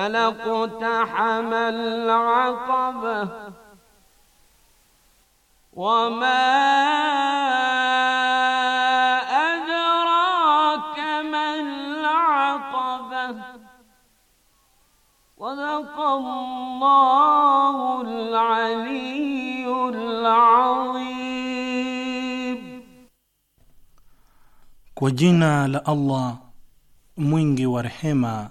فلقتحم العقبة وما أدراك ما العقبة صدق الله العلي العظيم وجينا لألله la ورحمه mwingi wa rehema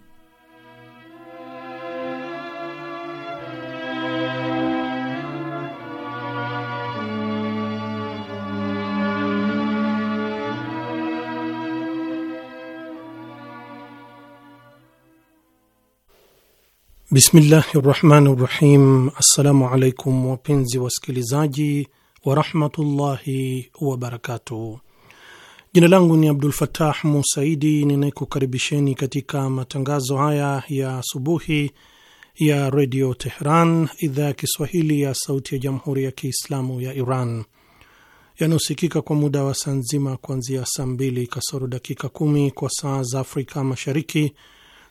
Bismillahi rahmani rahim. Assalamu alaikum wapenzi wasikilizaji warahmatullahi wabarakatuh. Jina langu ni Abdul fatah Musaidi ninayekukaribisheni katika matangazo haya ya asubuhi ya redio Tehran, idhaa ya Kiswahili ya sauti ya jamhuri ya Kiislamu ya Iran yanayosikika kwa muda wa saa nzima kuanzia saa mbili kasoro dakika kumi kwa saa za Afrika Mashariki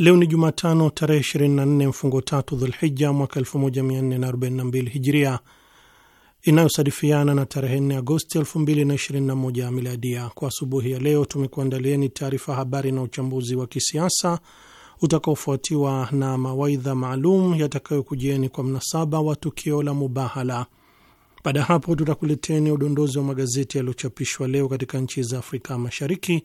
Leo ni Jumatano tarehe 24 mfungo tatu Dhulhija mwaka 1442 Hijria, inayosadifiana na tarehe 4 Agosti 2021 Miladia. Kwa asubuhi ya leo tumekuandalieni taarifa habari na uchambuzi wa kisiasa utakaofuatiwa na mawaidha maalum yatakayokujieni kwa mnasaba wa tukio la Mubahala. Baada ya hapo, tutakuleteni udondozi wa magazeti yaliyochapishwa leo katika nchi za Afrika Mashariki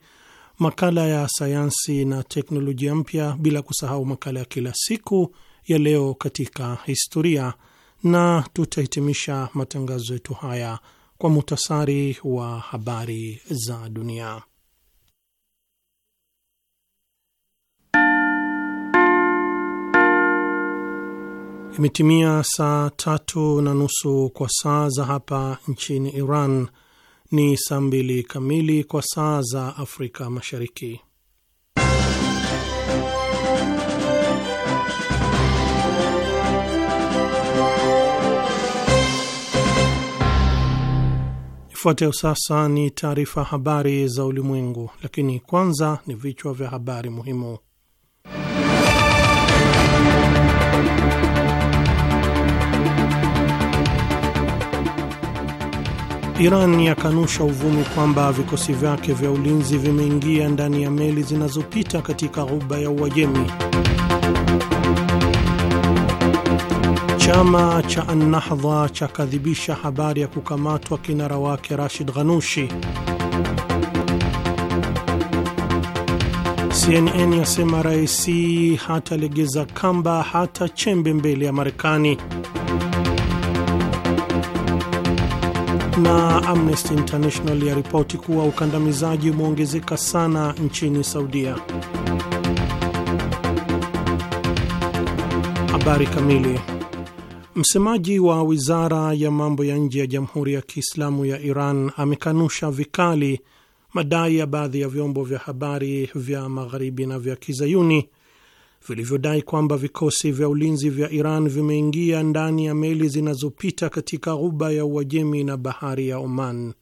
makala ya sayansi na teknolojia mpya, bila kusahau makala ya kila siku ya leo katika historia, na tutahitimisha matangazo yetu haya kwa muhtasari wa habari za dunia. Imetimia saa tatu na nusu kwa saa za hapa nchini Iran ni saa mbili kamili kwa saa za Afrika Mashariki. Ifuatayo sasa ni taarifa habari za ulimwengu, lakini kwanza ni vichwa vya habari muhimu. Iran yakanusha uvumi kwamba vikosi vyake vya ulinzi vimeingia ndani ya meli zinazopita katika ghuba ya Uajemi. Chama cha Annahdha chakadhibisha habari ya kukamatwa kinara wake Rashid Ghanushi. CNN yasema raisi hatalegeza kamba hata chembe mbele ya Marekani. na Amnesty International yaripoti kuwa ukandamizaji umeongezeka sana nchini Saudia. Habari kamili. Msemaji wa wizara ya mambo ya nje ya Jamhuri ya Kiislamu ya Iran amekanusha vikali madai ya baadhi ya vyombo vya habari vya magharibi na vya kizayuni vilivyodai kwamba vikosi vya ulinzi vya Iran vimeingia ndani ya meli zinazopita katika ghuba ya Uajemi na bahari ya Oman.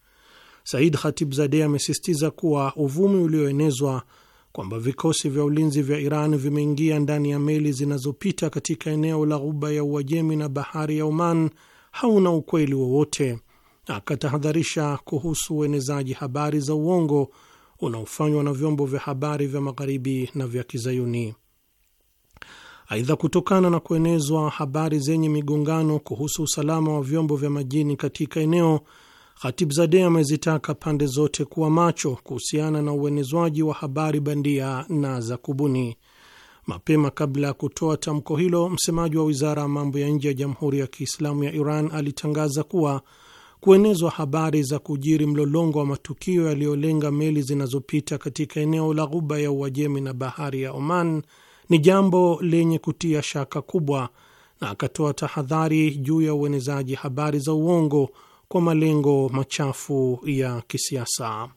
Said Khatibzadeh amesisitiza kuwa uvumi ulioenezwa kwamba vikosi vya ulinzi vya Iran vimeingia ndani ya meli zinazopita katika eneo la ghuba ya Uajemi na bahari ya Oman hauna ukweli wowote, akatahadharisha kuhusu uenezaji habari za uongo unaofanywa na vyombo vya habari vya Magharibi na vya Kizayuni. Aidha, kutokana na kuenezwa habari zenye migongano kuhusu usalama wa vyombo vya majini katika eneo, Khatibzadeh amezitaka pande zote kuwa macho kuhusiana na uenezwaji wa habari bandia na za kubuni. Mapema kabla ya kutoa tamko hilo, msemaji wa wizara ya mambo ya nje ya Jamhuri ya Kiislamu ya Iran alitangaza kuwa kuenezwa habari za kujiri mlolongo wa matukio yaliyolenga meli zinazopita katika eneo la Ghuba ya Uajemi na bahari ya Oman ni jambo lenye kutia shaka kubwa, na akatoa tahadhari juu ya uenezaji habari za uongo kwa malengo machafu ya kisiasa.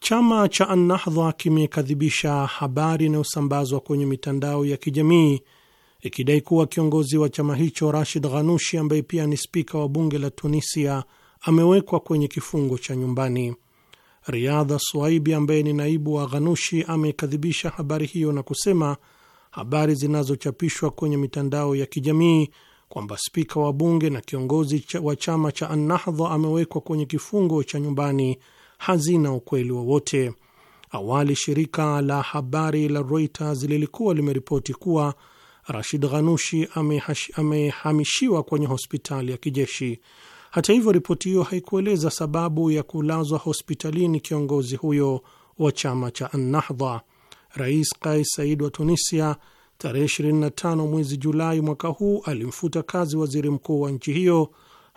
Chama cha Annahdha kimekadhibisha habari inayosambazwa kwenye mitandao ya kijamii ikidai kuwa kiongozi wa chama hicho Rashid Ghanushi, ambaye pia ni spika wa bunge la Tunisia, amewekwa kwenye kifungo cha nyumbani. Riadha Swaibi ambaye ni naibu wa Ghanushi amekadhibisha habari hiyo na kusema habari zinazochapishwa kwenye mitandao ya kijamii kwamba spika wa bunge na kiongozi cha wa chama cha Annahdha amewekwa kwenye kifungo cha nyumbani hazina ukweli wowote. Awali shirika la habari la Reuters lilikuwa limeripoti kuwa Rashid Ghanushi amehamishiwa kwenye hospitali ya kijeshi hata hivyo, ripoti hiyo haikueleza sababu ya kulazwa hospitalini kiongozi huyo wa chama cha Annahdha. Rais Kais Said wa Tunisia tarehe 25 mwezi Julai mwaka huu alimfuta kazi waziri mkuu wa nchi hiyo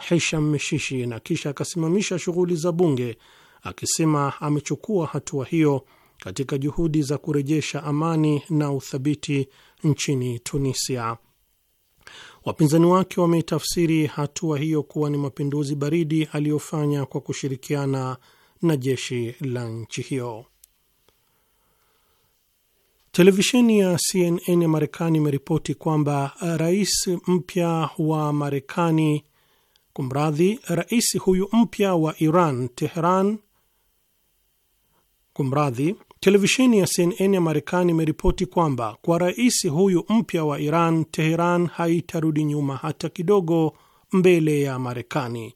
Hisham Mishishi na kisha akasimamisha shughuli za bunge akisema amechukua hatua hiyo katika juhudi za kurejesha amani na uthabiti nchini Tunisia. Wapinzani wake wameitafsiri hatua hiyo kuwa ni mapinduzi baridi aliyofanya kwa kushirikiana na jeshi la nchi hiyo. Televisheni ya CNN ya Marekani imeripoti kwamba rais mpya wa Marekani, kumradhi, rais huyu mpya wa Iran teheran kumradhi Televisheni ya CNN ya Marekani imeripoti kwamba kwa rais huyu mpya wa Iran, Teheran haitarudi nyuma hata kidogo mbele ya Marekani,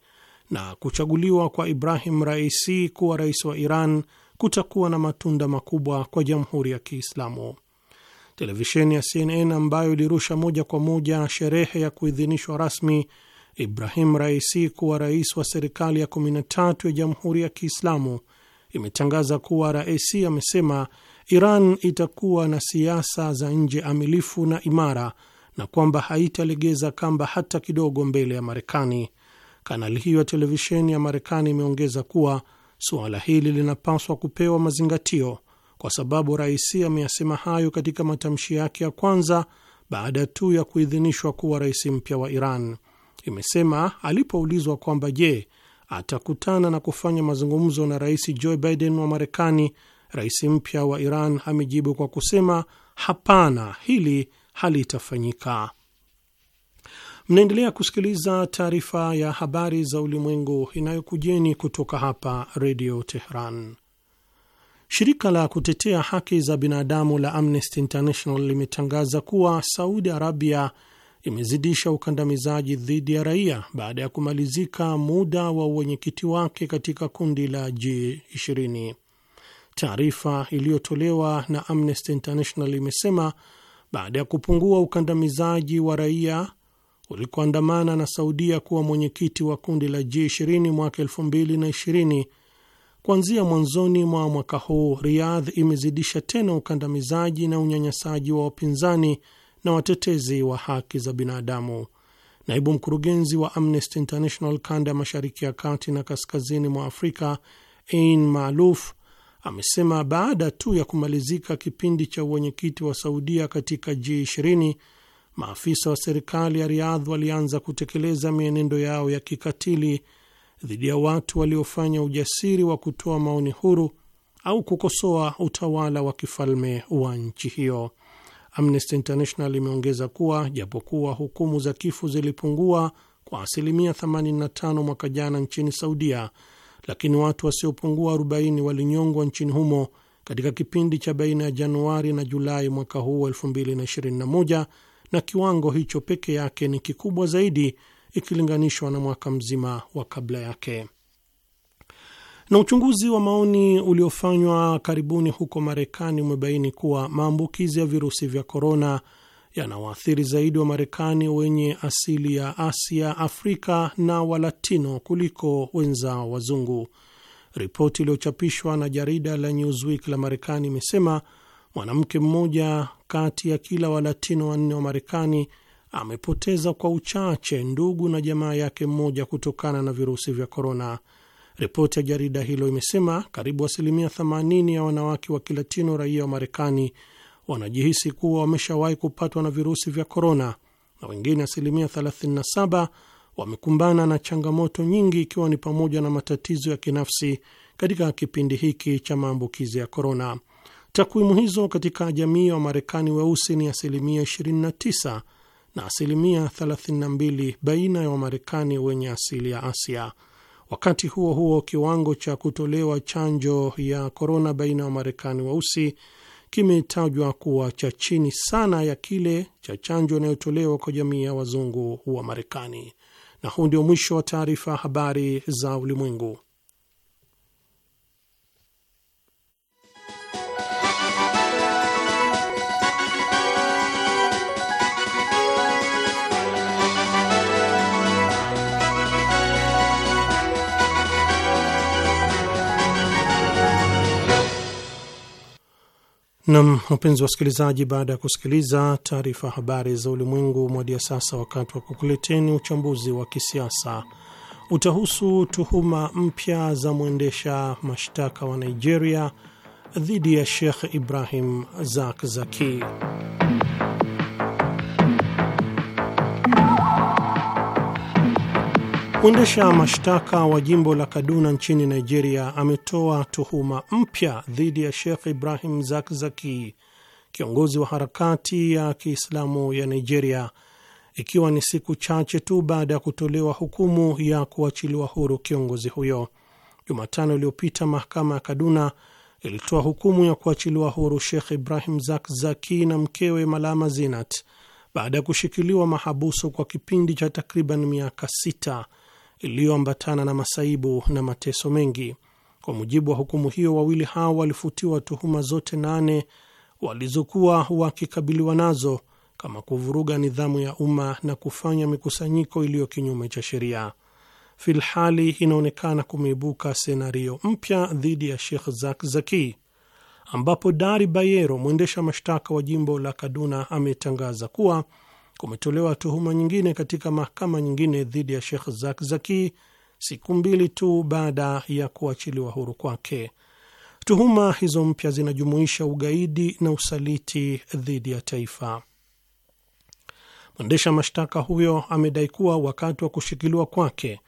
na kuchaguliwa kwa Ibrahim Raisi kuwa rais wa Iran kutakuwa na matunda makubwa kwa jamhuri ya Kiislamu. Televisheni ya CNN ambayo ilirusha moja kwa moja sherehe ya kuidhinishwa rasmi Ibrahim Raisi kuwa rais wa serikali ya 13 ya jamhuri ya Kiislamu imetangaza kuwa rais amesema Iran itakuwa na siasa za nje amilifu na imara na kwamba haitalegeza kamba hata kidogo mbele ya Marekani. Kanali hiyo ya televisheni ya Marekani imeongeza kuwa suala hili linapaswa kupewa mazingatio kwa sababu rais ameyasema hayo katika matamshi yake ya kwanza baada tu ya kuidhinishwa kuwa rais mpya wa Iran. Imesema alipoulizwa kwamba je, atakutana na kufanya mazungumzo na Rais Joe Biden wa Marekani, rais mpya wa Iran amejibu kwa kusema hapana, hili halitafanyika. Mnaendelea kusikiliza taarifa ya habari za ulimwengu inayokujeni kutoka hapa Redio Tehran. Shirika la kutetea haki za binadamu la Amnesty International limetangaza kuwa Saudi Arabia imezidisha ukandamizaji dhidi ya raia baada ya kumalizika muda wa uwenyekiti wake katika kundi la G20. Taarifa iliyotolewa na Amnesty International imesema baada ya kupungua ukandamizaji wa raia ulikoandamana na Saudia kuwa mwenyekiti wa kundi la G20 mwaka 2020, kuanzia mwanzoni mwa mwaka huu Riyadh imezidisha tena ukandamizaji na unyanyasaji wa wapinzani na watetezi wa haki za binadamu. Naibu mkurugenzi wa Amnesty International kanda ya mashariki ya kati na kaskazini mwa Afrika, Ain Maaluf, amesema baada tu ya kumalizika kipindi cha uwenyekiti wa Saudia katika G20, maafisa wa serikali ya riadh walianza kutekeleza mienendo yao ya kikatili dhidi ya watu waliofanya ujasiri wa kutoa maoni huru au kukosoa utawala wa kifalme wa nchi hiyo. Amnesty International imeongeza kuwa japokuwa hukumu za kifo zilipungua kwa asilimia 85 mwaka jana nchini Saudia, lakini watu wasiopungua 40 walinyongwa nchini humo katika kipindi cha baina ya Januari na Julai mwaka huu 2021 na kiwango hicho peke yake ni kikubwa zaidi ikilinganishwa na mwaka mzima wa kabla yake. Na uchunguzi wa maoni uliofanywa karibuni huko Marekani umebaini kuwa maambukizi ya virusi vya korona yanawaathiri zaidi wa Marekani wenye asili ya Asia, Afrika na Walatino kuliko wenzao wazungu. Ripoti iliyochapishwa na jarida la Newsweek la Marekani imesema mwanamke mmoja kati ya kila Walatino wanne wa Marekani amepoteza kwa uchache ndugu na jamaa yake mmoja kutokana na virusi vya korona. Ripoti ya jarida hilo imesema karibu asilimia 80 ya wanawake wa Kilatino raia wa Marekani wanajihisi kuwa wameshawahi kupatwa na virusi vya korona na wengine asilimia 37 wamekumbana na changamoto nyingi ikiwa ni pamoja na matatizo ya kinafsi katika kipindi hiki cha maambukizi ya korona. Takwimu hizo katika jamii ya Wamarekani weusi ni asilimia 29 na asilimia 32 baina ya Wamarekani wenye asili ya Asia. Wakati huo huo, kiwango cha kutolewa chanjo ya korona baina ya Wamarekani weusi kimetajwa kuwa cha chini sana ya kile cha chanjo inayotolewa kwa jamii ya wazungu wa Marekani. Na huu ndio mwisho wa taarifa habari za ulimwengu. Nam, wapenzi wasikilizaji, baada ya kusikiliza taarifa habari za ulimwengu, mwadia sasa wakati wa kukuleteni uchambuzi wa kisiasa. Utahusu tuhuma mpya za mwendesha mashtaka wa Nigeria dhidi ya Sheikh Ibrahim Zakzaki. Mwendesha mashtaka wa jimbo la Kaduna nchini Nigeria ametoa tuhuma mpya dhidi ya Shekh Ibrahim Zakzaki, kiongozi wa harakati ya Kiislamu ya Nigeria, ikiwa ni siku chache tu baada ya kutolewa hukumu ya kuachiliwa huru kiongozi huyo. Jumatano iliyopita mahakama ya Kaduna ilitoa hukumu ya kuachiliwa huru Shekh Ibrahim Zakzaki na mkewe Malama Zinat baada ya kushikiliwa mahabusu kwa kipindi cha takriban miaka sita iliyoambatana na masaibu na mateso mengi. Kwa mujibu wa hukumu hiyo, wawili hao walifutiwa tuhuma zote nane walizokuwa wakikabiliwa nazo kama kuvuruga nidhamu ya umma na kufanya mikusanyiko iliyo kinyume cha sheria. Filhali inaonekana kumeibuka senario mpya dhidi ya Sheikh Zakzaki, ambapo Dari Bayero, mwendesha mashtaka wa jimbo la Kaduna, ametangaza kuwa kumetolewa tuhuma nyingine katika mahakama nyingine dhidi ya shekh Zakzaki siku mbili tu baada ya kuachiliwa huru kwake. Tuhuma hizo mpya zinajumuisha ugaidi na usaliti dhidi ya taifa. Mwendesha mashtaka huyo amedai kuwa wakati wa kushikiliwa kwake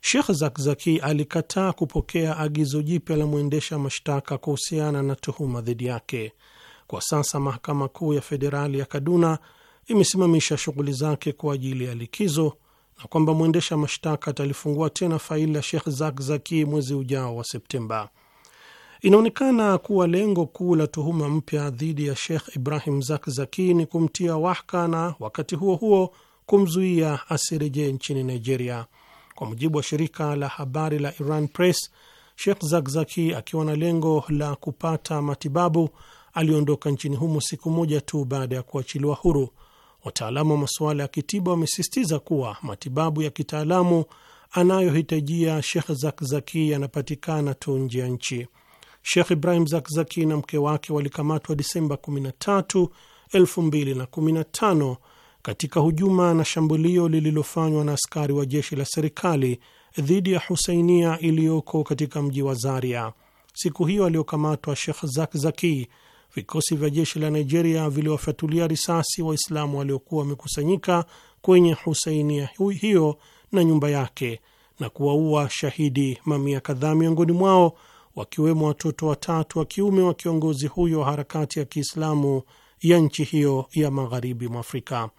shekh Zakzaki alikataa kupokea agizo jipya la mwendesha mashtaka kuhusiana na tuhuma dhidi yake. Kwa sasa mahakama kuu ya federali ya Kaduna imesimamisha shughuli zake kwa ajili ya likizo na kwamba mwendesha mashtaka atalifungua tena faili la Sheikh Zakzaki mwezi ujao wa Septemba. Inaonekana kuwa lengo kuu la tuhuma mpya dhidi ya Sheikh Ibrahim Zakzaki ni kumtia wahaka na wakati huo huo kumzuia asirejee nchini Nigeria. Kwa mujibu wa shirika la habari la Iran Press, Sheikh Zakzaki akiwa na lengo la kupata matibabu aliondoka nchini humo siku moja tu baada ya kuachiliwa huru. Wataalamu wa masuala ya kitiba wamesisitiza kuwa matibabu ya kitaalamu anayohitajia Shekh Zakzaki yanapatikana tu nje ya nchi. Shekh Ibrahim Zakzaki na mke wake walikamatwa Disemba 13, 2015 katika hujuma na shambulio lililofanywa na askari wa jeshi la serikali dhidi ya Husainia iliyoko katika mji wa Zaria. Siku hiyo aliyokamatwa Shekh Zakzaki vikosi vya jeshi la Nigeria viliwafyatulia risasi Waislamu waliokuwa wamekusanyika kwenye husainia hiyo na nyumba yake na kuwaua shahidi mamia kadhaa miongoni mwao wakiwemo watoto watatu wa kiume wa kiongozi huyo wa harakati ya Kiislamu ya nchi hiyo ya magharibi mwa Afrika.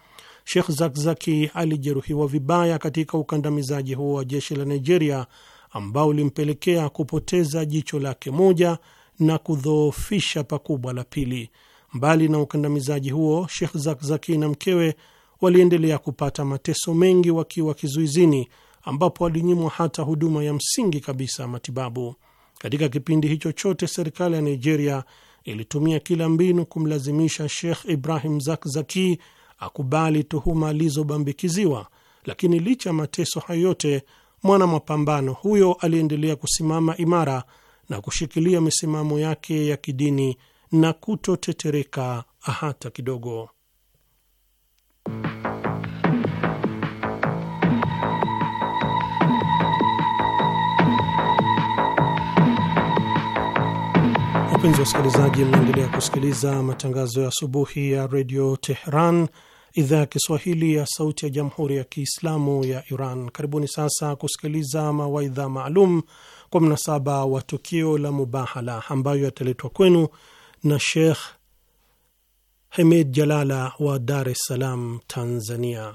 shekh Zakzaki alijeruhiwa vibaya katika ukandamizaji huo wa jeshi la Nigeria ambao ulimpelekea kupoteza jicho lake moja na kudhoofisha pakubwa la pili. Mbali na ukandamizaji huo, Sheikh Zakzaki na mkewe waliendelea kupata mateso mengi wakiwa kizuizini, ambapo walinyimwa hata huduma ya msingi kabisa matibabu. Katika kipindi hicho chote, serikali ya Nigeria ilitumia kila mbinu kumlazimisha Sheikh Ibrahim Zakzaki akubali tuhuma alizobambikiziwa, lakini licha ya mateso hayo yote, mwana mapambano huyo aliendelea kusimama imara na kushikilia misimamo yake ya kidini na kutotetereka hata kidogo. Wapenzi wasikilizaji, mnaendelea kusikiliza matangazo ya asubuhi ya redio Tehran, idhaa ya Kiswahili ya sauti ya jamhuri ya Kiislamu ya Iran. Karibuni sasa kusikiliza mawaidha maalum kwa mnasaba wa tukio la Mubahala ambayo yataletwa kwenu na Sheikh Hemid Jalala wa Dar es Salaam, Tanzania.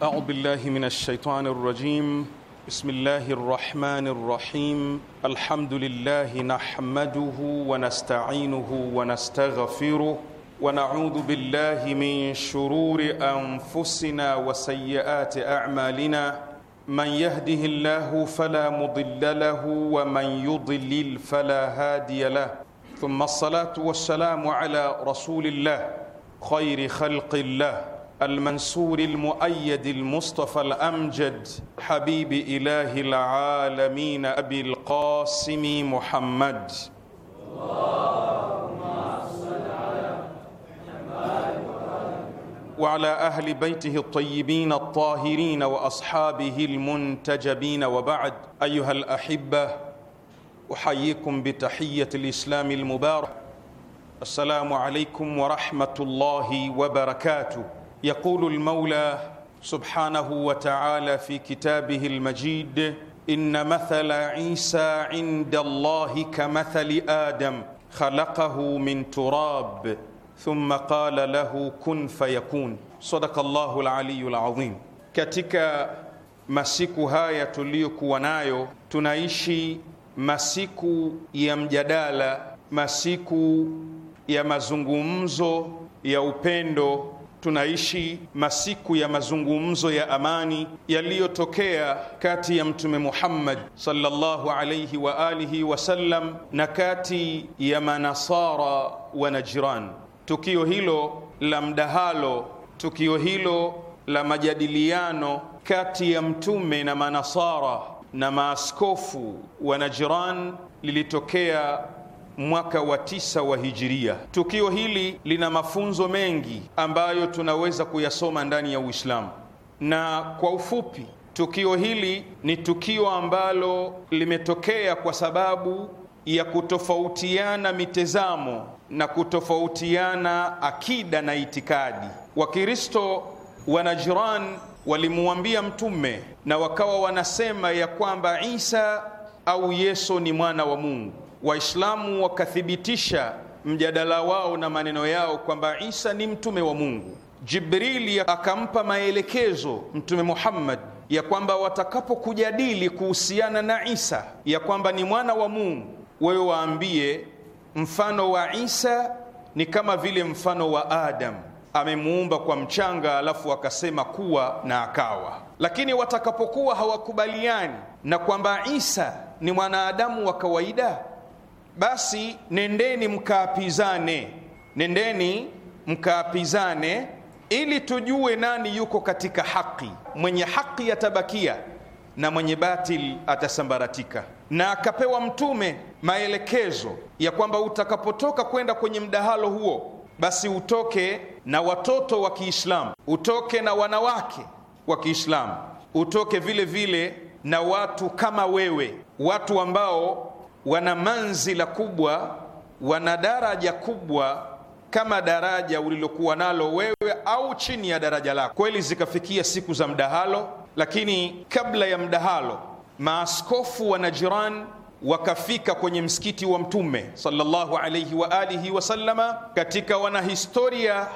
Audhu billahi minash shaitani rrajim Bismillahi rrahmani rrahim alhamdulillahi nahmaduhu wa nasta'inuhu wa nastaghfiruh wa na'udhu billahi min shururi anfusina wa sayyiati a'malina من يهده الله فلا مضل له ومن يضلل فلا هادي له ثم الصلاه والسلام على رسول الله خير خلق الله المنسور المؤيد المصطفى الامجد حبيب اله العالمين ابي القاسم محمد اللهم صل على وعلى اهل بيته الطيبين الطاهرين واصحابه المنتجبين وبعد ايها الاحبه احييكم بتحيه الاسلام المبارك السلام عليكم ورحمه الله وبركاته يقول المولى سبحانه وتعالى في كتابه المجيد ان مثل عيسى عند الله كمثل ادم خلقه من تراب thumma qala lahu kun fayakun. Sadaka Allahu al-aliyu al-azim. Katika masiku haya tuliyokuwa nayo, tunaishi masiku ya mjadala, masiku ya mazungumzo ya upendo, tunaishi masiku ya mazungumzo ya amani yaliyotokea kati ya Mtume Muhammad sallallahu alayhi wa alihi wasallam na kati ya manasara wa Najran tukio hilo la mdahalo, tukio hilo la majadiliano kati ya mtume na manasara na maaskofu wa Najran lilitokea mwaka wa tisa wa hijiria. Tukio hili lina mafunzo mengi ambayo tunaweza kuyasoma ndani ya Uislamu, na kwa ufupi, tukio hili ni tukio ambalo limetokea kwa sababu ya kutofautiana mitazamo na kutofautiana akida na itikadi. Wakristo wa Najran walimwambia Mtume na wakawa wanasema ya kwamba Isa au Yesu ni mwana wa Mungu. Waislamu wakathibitisha mjadala wao na maneno yao kwamba Isa ni mtume wa Mungu. Jibrili akampa maelekezo Mtume Muhammad ya kwamba watakapokujadili kuhusiana na Isa ya kwamba ni mwana wa Mungu wewe waambie mfano wa Isa ni kama vile mfano wa adam amemuumba kwa mchanga, alafu akasema kuwa na akawa. Lakini watakapokuwa hawakubaliani na kwamba Isa ni mwanadamu wa kawaida, basi nendeni mkaapizane, nendeni mkaapizane ili tujue nani yuko katika haki. Mwenye haki atabakia na mwenye batil atasambaratika na akapewa mtume maelekezo ya kwamba utakapotoka kwenda kwenye mdahalo huo, basi utoke na watoto wa Kiislamu, utoke na wanawake wa Kiislamu, utoke vile vile na watu kama wewe, watu ambao wana manzila kubwa, wana daraja kubwa kama daraja ulilokuwa nalo wewe au chini ya daraja lako. Kweli zikafikia siku za mdahalo, lakini kabla ya mdahalo maaskofu wa Najran wakafika kwenye msikiti wa Mtume sallallahu alayhi wa alihi wasallama. Katika wanahistoria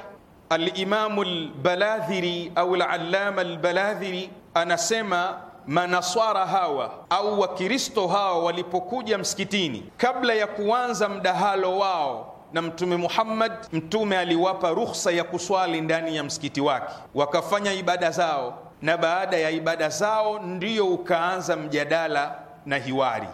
Alimamu Lbaladhiri au Alallama Lbaladhiri anasema manaswara hawa au Wakristo hawa walipokuja msikitini, kabla ya kuanza mdahalo wao na Mtume Muhammad, Mtume aliwapa ruhusa ya kuswali ndani ya msikiti wake, wakafanya ibada zao na baada ya ibada zao ndiyo ukaanza mjadala na hiwari.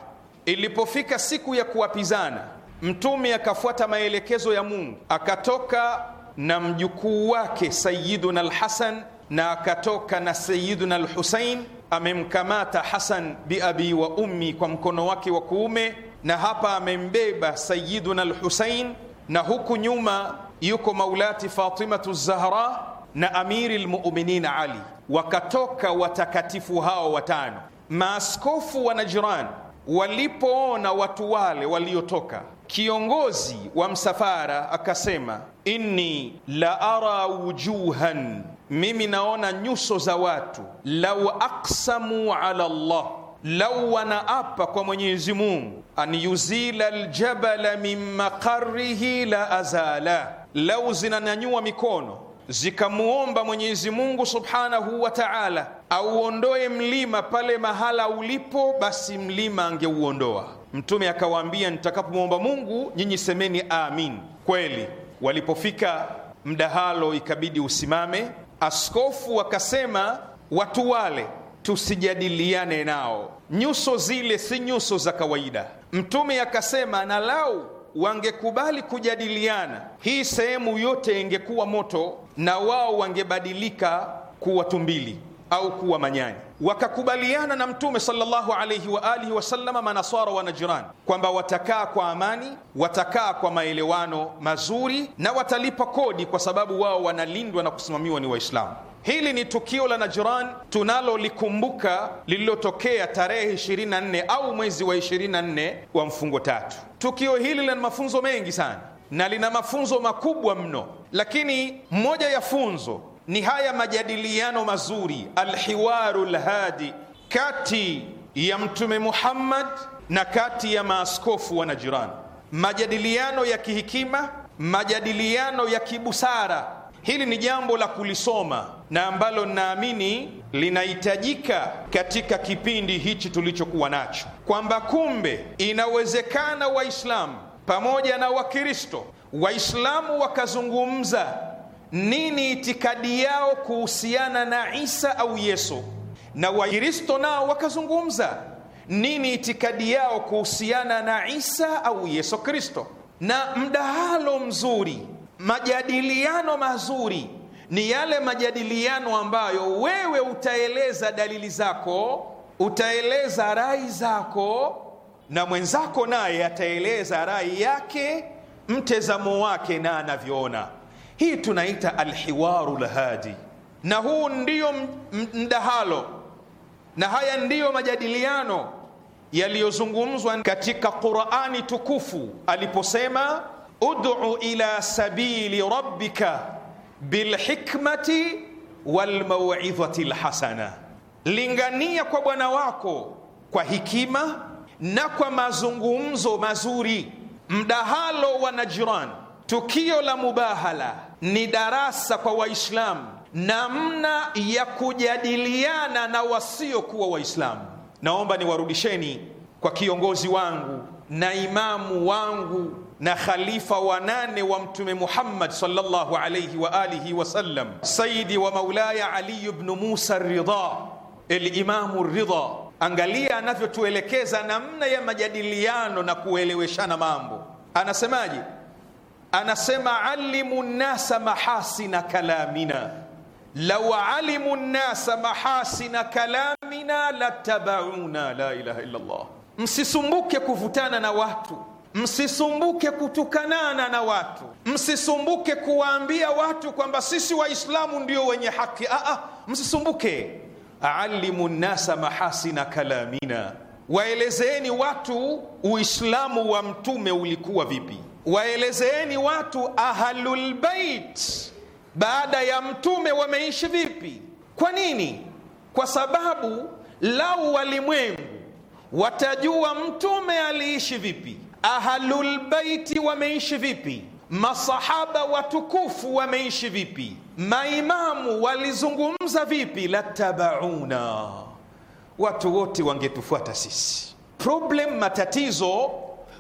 Ilipofika siku ya kuwapizana, Mtume akafuata maelekezo ya Mungu, akatoka na mjukuu wake Sayiduna lhasan na akatoka na Sayiduna lhusain Amemkamata Hasan biabi wa ummi kwa mkono wake wa kuume, na hapa amembeba Sayiduna lhusain na huku nyuma yuko maulati Fatimatu Zahra na Amiril Mu'minin Ali, wakatoka watakatifu hao watano. Maaskofu wa Najran walipoona watu wale waliotoka, kiongozi wa msafara akasema, inni la ara wujuhan, mimi naona nyuso za watu, lau aksamu ala Allah lau wanaapa kwa Mwenyezi Mungu, an yuzila ljabala min maqarihi la azala, lau zinanyanyua mikono zikamuomba Mwenyezi Mungu Subhanahu wa Ta'ala auondoe mlima pale mahala ulipo, basi mlima angeuondoa. Mtume akawaambia, nitakapomwomba Mungu nyinyi semeni amin. Kweli walipofika mdahalo, ikabidi usimame. Askofu akasema, watu wale tusijadiliane nao, nyuso zile si nyuso za kawaida. Mtume akasema, na lau wangekubali kujadiliana, hii sehemu yote ingekuwa moto na wao wangebadilika kuwa tumbili au kuwa manyani. Wakakubaliana na Mtume sallallahu alayhi wa alihi wasallama manaswara wa Najirani, kwamba watakaa kwa amani, watakaa kwa maelewano mazuri na watalipa kodi, kwa sababu wao wanalindwa na kusimamiwa ni Waislamu. Hili ni tukio la najiran tunalolikumbuka lililotokea tarehe 24 au mwezi wa 24 wa mfungo tatu. Tukio hili lina mafunzo mengi sana na lina mafunzo makubwa mno, lakini moja ya funzo ni haya majadiliano mazuri, alhiwaru lhadi, kati ya Mtume Muhammad na kati ya maaskofu wa Najirani, majadiliano ya kihikima, majadiliano ya kibusara. Hili ni jambo la kulisoma na ambalo ninaamini linahitajika katika kipindi hichi tulichokuwa nacho, kwamba kumbe inawezekana Waislamu pamoja na Wakristo Waislamu wakazungumza nini itikadi yao kuhusiana na Isa au Yesu, na Wakristo nao wakazungumza nini itikadi yao kuhusiana na Isa au Yesu Kristo, na mdahalo mzuri, majadiliano mazuri ni yale majadiliano ambayo wewe utaeleza dalili zako, utaeleza rai zako na mwenzako naye ataeleza rai yake, mtazamo wake na anavyoona. Hii tunaita alhiwaru lhadi, na huu ndiyo mdahalo na haya ndiyo majadiliano yaliyozungumzwa katika Qurani tukufu aliposema ud'u ila sabili rabbika bilhikmati walmauidhati lhasana, lingania kwa Bwana wako kwa hikima na kwa mazungumzo mazuri. Mdahalo wa najiran tukio la mubahala, ni darasa kwa Waislamu namna ya kujadiliana na wasiokuwa Waislamu. Naomba niwarudisheni kwa kiongozi wangu na imamu wangu na khalifa wa nane wa Mtume Muhammad sallallahu alayhi wa alihi sallam, saidi wa maulaya Ali ibn Musa Ridha, Alimamu Ridha Angalia anavyotuelekeza namna ya majadiliano na kueleweshana mambo. Anasemaje? Anasema, alimu nnasa mahasina kalamina lau alimu nnasa mahasina kalamina latabauna la ilaha illa Allah. Msisumbuke kuvutana na watu, msisumbuke kutukanana na watu, msisumbuke kuwaambia watu kwamba sisi Waislamu ndio wenye haki. Aa, ah, ah. msisumbuke aallimu nnasa mahasina kalamina, waelezeeni watu Uislamu wa mtume ulikuwa vipi, waelezeeni watu ahlulbeit baada ya mtume wameishi vipi. Kwa nini? Kwa sababu lau walimwengu watajua mtume aliishi vipi, ahlulbeiti wameishi vipi masahaba watukufu wameishi vipi, maimamu walizungumza vipi, la tabauna watu wote wangetufuata sisi. Problem, matatizo,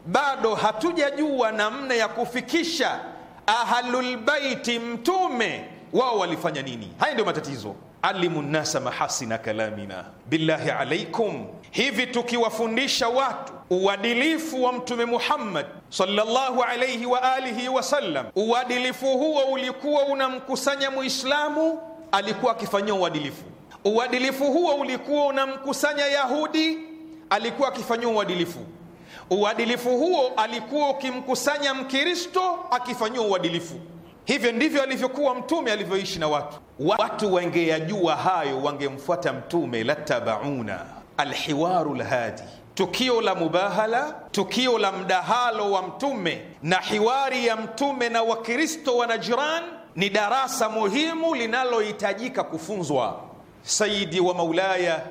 bado hatujajua namna ya kufikisha ahlulbaiti mtume wao walifanya nini. Haya ndio matatizo. alimu nnasa mahasina kalamina, billahi alaikum, hivi tukiwafundisha watu uadilifu wa Mtume Muhammad sallallahu alayhi wa alihi wasallam, uadilifu huo ulikuwa unamkusanya Muislamu, alikuwa akifanyia uadilifu. Uadilifu huo ulikuwa unamkusanya Yahudi, alikuwa akifanyia uadilifu. Uadilifu huo alikuwa ukimkusanya Mkristo, akifanyia uadilifu. Hivyo ndivyo alivyokuwa Mtume alivyoishi na watu. Watu wangeyajua hayo, wangemfuata Mtume. latabauna alhiwaru lhadi tukio la mubahala, tukio la mdahalo wa Mtume na hiwari ya Mtume na Wakristo wa najiran ni darasa muhimu linalohitajika kufunzwa. Sayidi wa Maulaya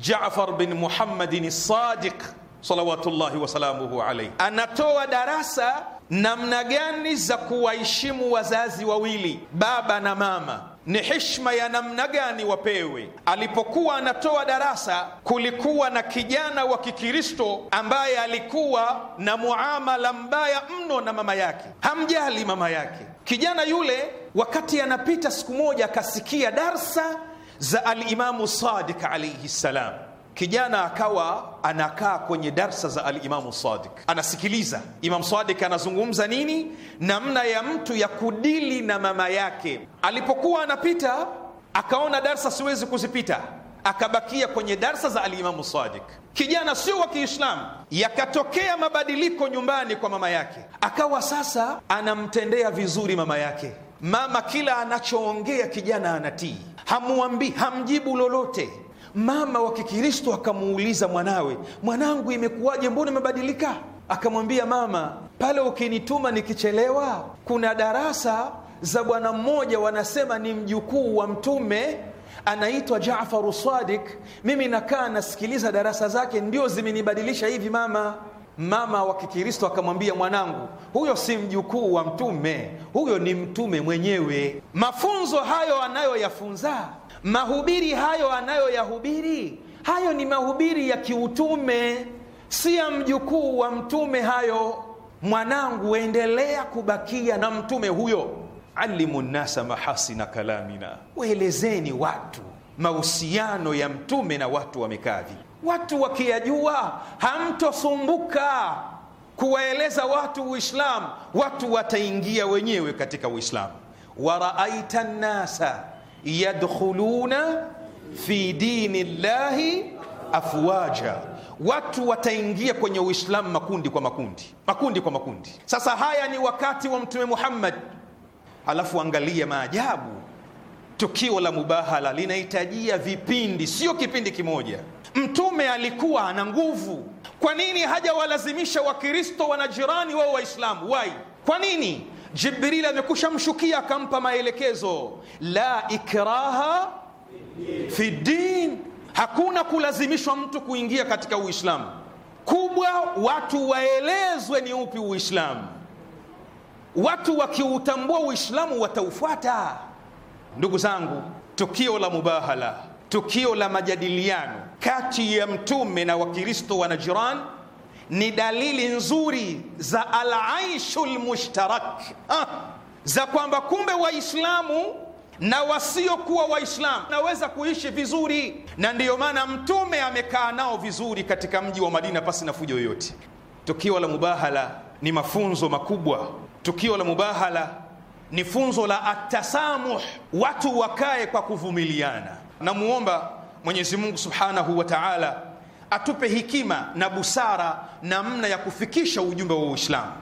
Jaafar bin Muhammadin Sadiq salawatullahi wasalamuhu alaihi anatoa darasa namna gani za kuwaheshimu wazazi wawili, baba na mama ni heshima ya namna gani wapewe. Alipokuwa anatoa darasa, kulikuwa na kijana wa Kikristo ambaye alikuwa na muamala mbaya mno na mama yake, hamjali mama yake. Kijana yule wakati anapita, siku moja akasikia darsa za Alimamu sadik alaihi ssalam Kijana akawa anakaa kwenye darsa za Alimamu Sadik, anasikiliza Imamu Sadik anazungumza nini, namna ya mtu ya kudili na mama yake. Alipokuwa anapita akaona darsa, siwezi kuzipita, akabakia kwenye darsa za Alimamu Sadik. Kijana sio wa Kiislamu, yakatokea mabadiliko nyumbani kwa mama yake, akawa sasa anamtendea vizuri mama yake. Mama kila anachoongea kijana anatii, hamwambii, hamjibu lolote Mama wa Kikristo akamuuliza mwanawe, mwanangu, imekuwaje? Mbona umebadilika? Akamwambia, mama, pale ukinituma nikichelewa, kuna darasa za bwana mmoja wanasema ni mjukuu wa Mtume, anaitwa Jafaru Sadik. Mimi nakaa nasikiliza darasa zake, ndio zimenibadilisha hivi mama. Mama wa Kikristo akamwambia, mwanangu, huyo si mjukuu wa Mtume, huyo ni Mtume mwenyewe. Mafunzo hayo anayoyafunza mahubiri hayo anayoyahubiri hayo ni mahubiri ya kiutume si ya mjukuu wa mtume hayo mwanangu endelea kubakia na mtume huyo alimu nnasa mahasina kalamina waelezeni watu mahusiano ya mtume na watu wamekadhi watu wakiyajua hamtosumbuka kuwaeleza watu uislamu watu wataingia wenyewe katika uislamu waraaita nnasa yadkhuluna fi dini llahi afwaja, watu wataingia kwenye Uislamu makundi kwa makundi, makundi kwa makundi. Sasa haya ni wakati wa Mtume Muhammad, alafu angalia maajabu. Tukio la Mubahala linahitajia vipindi, sio kipindi kimoja. Mtume alikuwa ana nguvu. Kwa nini hajawalazimisha Wakristo wanajirani wao Waislamu? Wai, kwa nini? Jibril mshukia akampa maelekezo, la ikraha fi din, hakuna kulazimishwa mtu kuingia katika Uislamu. Kubwa watu waelezwe ni upi Uislamu. Watu wakiutambua Uislamu wataufuata. Ndugu zangu, tukio la mubahala, tukio la majadiliano kati ya mtume na Wakristo wa najiran ni dalili nzuri za alaishu lmushtarak za kwamba kumbe Waislamu na wasiokuwa Waislamu naweza kuishi vizuri, na ndiyo maana Mtume amekaa nao vizuri katika mji wa Madina pasi na fujo yoyote. Tukio la Mubahala ni mafunzo makubwa. Tukio la Mubahala ni funzo la atasamuh, watu wakae kwa kuvumiliana. Namuomba Mwenyezi Mungu subhanahu wa taala atupe hikima na busara namna ya kufikisha ujumbe wa Uislamu.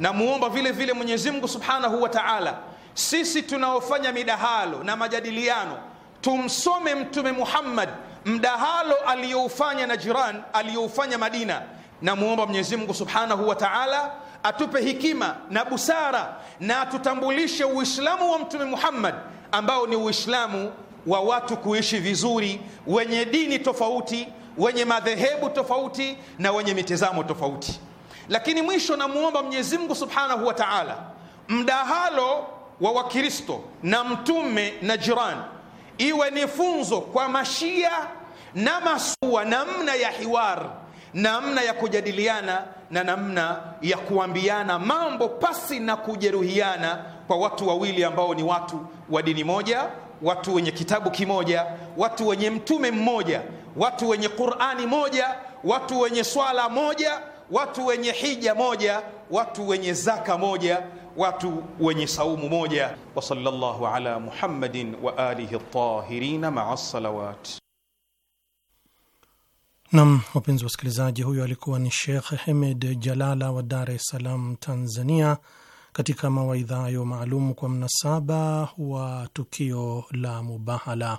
Namuomba vile vile Mwenyezi Mungu Subhanahu wa Ta'ala, sisi tunaofanya midahalo na majadiliano tumsome Mtume Muhammad mdahalo aliyoufanya na jiran aliyoufanya Madina. Namuomba Mwenyezi Mungu Subhanahu wa Ta'ala atupe hikima na busara na atutambulishe Uislamu wa Mtume Muhammad ambao ni Uislamu wa watu kuishi vizuri, wenye dini tofauti wenye madhehebu tofauti na wenye mitazamo tofauti. Lakini mwisho namwomba Mwenyezi Mungu Subhanahu wa Ta'ala, mdahalo wa Wakristo na mtume na jirani iwe ni funzo kwa mashia na masua, namna ya hiwar, namna ya kujadiliana na namna ya kuambiana mambo pasi na kujeruhiana, kwa watu wawili ambao ni watu wa dini moja, watu wenye kitabu kimoja, watu wenye mtume mmoja watu wenye Qur'ani moja, watu wenye swala moja, watu wenye hija moja, watu wenye zaka moja, watu wenye saumu moja. Wa sallallahu ala Muhammadin wa alihi at-tahirin ma'a salawat. Nam, wapenzi wasikilizaji, huyo alikuwa ni Shekh Hemed Jalala wa Dar es Salaam, Tanzania, katika mawaidha hayo maalum kwa mnasaba wa tukio la Mubahala.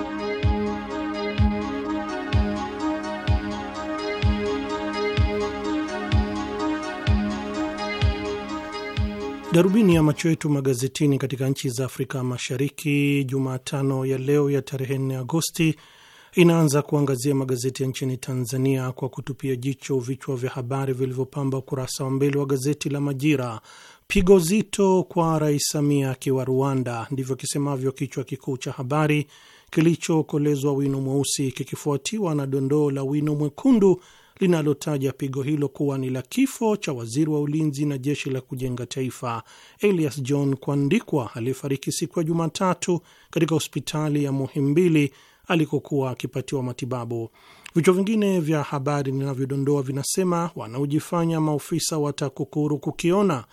Darubini ya macho yetu magazetini katika nchi za Afrika Mashariki Jumatano ya leo ya tarehe 4 Agosti inaanza kuangazia magazeti ya nchini Tanzania kwa kutupia jicho vichwa vya habari vilivyopamba ukurasa wa mbele wa gazeti la Majira. Pigo zito kwa Rais Samia akiwa Rwanda, ndivyo kisemavyo kichwa kikuu cha habari kilichokolezwa wino mweusi, kikifuatiwa na dondoo la wino mwekundu linalotaja pigo hilo kuwa ni la kifo cha waziri wa ulinzi na jeshi la kujenga taifa Elias John Kwandikwa aliyefariki siku ya Jumatatu katika hospitali ya Muhimbili alikokuwa akipatiwa matibabu. Vichwa vingine vya habari ninavyodondoa vinasema wanaojifanya maofisa wa TAKUKURU kukiona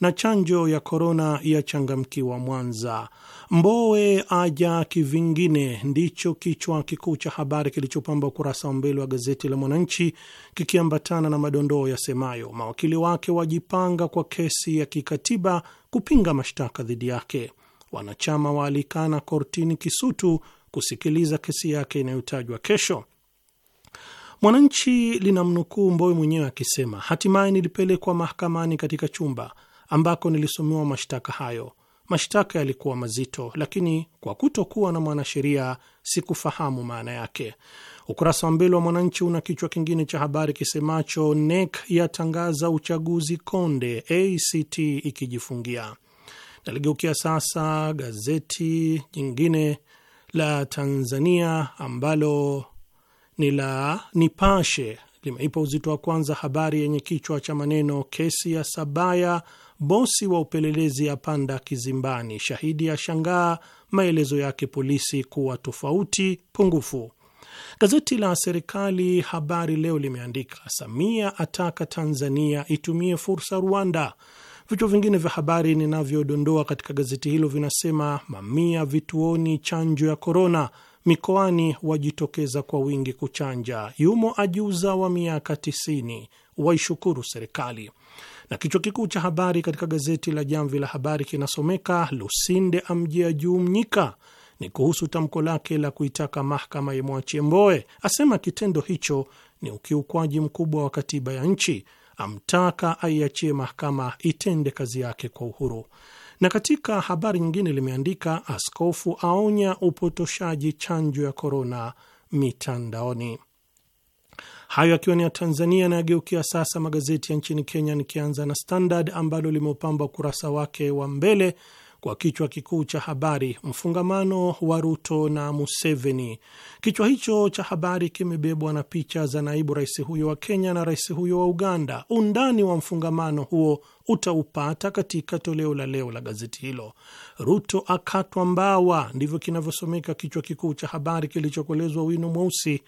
na chanjo ya korona ya changamkiwa Mwanza. Mbowe aja kivingine, ndicho kichwa kikuu cha habari kilichopamba ukurasa wa mbele wa gazeti la Mwananchi, kikiambatana na madondoo yasemayo mawakili wake wajipanga kwa kesi ya kikatiba kupinga mashtaka dhidi yake, wanachama waalikana kortini Kisutu kusikiliza kesi yake inayotajwa kesho. Mwananchi linamnukuu Mbowe mwenyewe akisema, hatimaye nilipelekwa mahakamani katika chumba ambako nilisomewa mashtaka hayo. Mashtaka yalikuwa mazito, lakini kwa kutokuwa na mwanasheria sikufahamu maana yake. Ukurasa wa mbele wa Mwananchi una kichwa kingine cha habari kisemacho NEC yatangaza uchaguzi konde, ACT ikijifungia. Naligeukia sasa gazeti jingine la Tanzania ambalo ni la Nipashe, limeipa uzito wa kwanza habari yenye kichwa cha maneno kesi ya Sabaya bosi wa upelelezi apanda kizimbani, shahidi ashangaa maelezo yake polisi kuwa tofauti pungufu. Gazeti la serikali Habari Leo limeandika Samia ataka Tanzania itumie fursa Rwanda. Vichwa vingine vya habari ninavyodondoa katika gazeti hilo vinasema: mamia vituoni chanjo ya korona, mikoani wajitokeza kwa wingi kuchanja, yumo ajuza wa miaka 90 waishukuru serikali na kichwa kikuu cha habari katika gazeti la Jamvi la Habari kinasomeka Lusinde amjia juu Mnyika. Ni kuhusu tamko lake la kuitaka mahakama imwachie mboe asema kitendo hicho ni ukiukwaji mkubwa wa katiba ya nchi, amtaka aiachie mahakama itende kazi yake kwa uhuru. Na katika habari nyingine limeandika askofu aonya upotoshaji chanjo ya korona mitandaoni. Hayo akiwa ni ya Tanzania. Anayageukia sasa magazeti ya nchini Kenya, nikianza na Standard ambalo limeupamba ukurasa wake wa mbele kwa kichwa kikuu cha habari mfungamano wa Ruto na Museveni. Kichwa hicho cha habari kimebebwa na picha za naibu rais huyo wa Kenya na rais huyo wa Uganda. Undani wa mfungamano huo utaupata katika toleo la leo la gazeti hilo. Ruto akatwa mbawa, ndivyo kinavyosomeka kichwa kikuu cha habari kilichokolezwa wino mweusi